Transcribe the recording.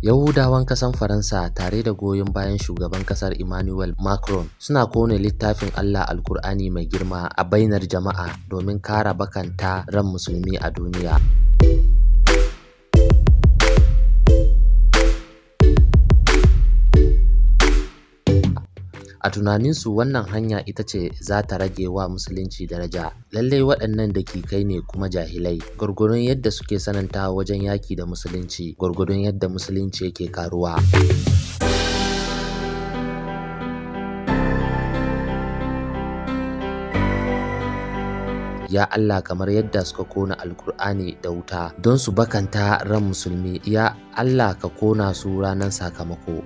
Yahudawan kasan Faransa tare da goyon bayan shugaban kasar Emmanuel Macron suna kone littafin Allah Alkur'ani mai girma a bainar jama'a domin kara bakanta ran musulmi a duniya. a tunaninsu wannan hanya ita ce za ta rage wa musulunci daraja lallai waɗannan da ke kai ne kuma jahilai gwargwadon yadda suke sananta wajen yaki da musulunci gwargwadon yadda musulunci yake karuwa ya Allah kamar yadda suka kona alkur'ani da wuta don su bakanta ran musulmi ya Allah ka kona su ranar sakamako.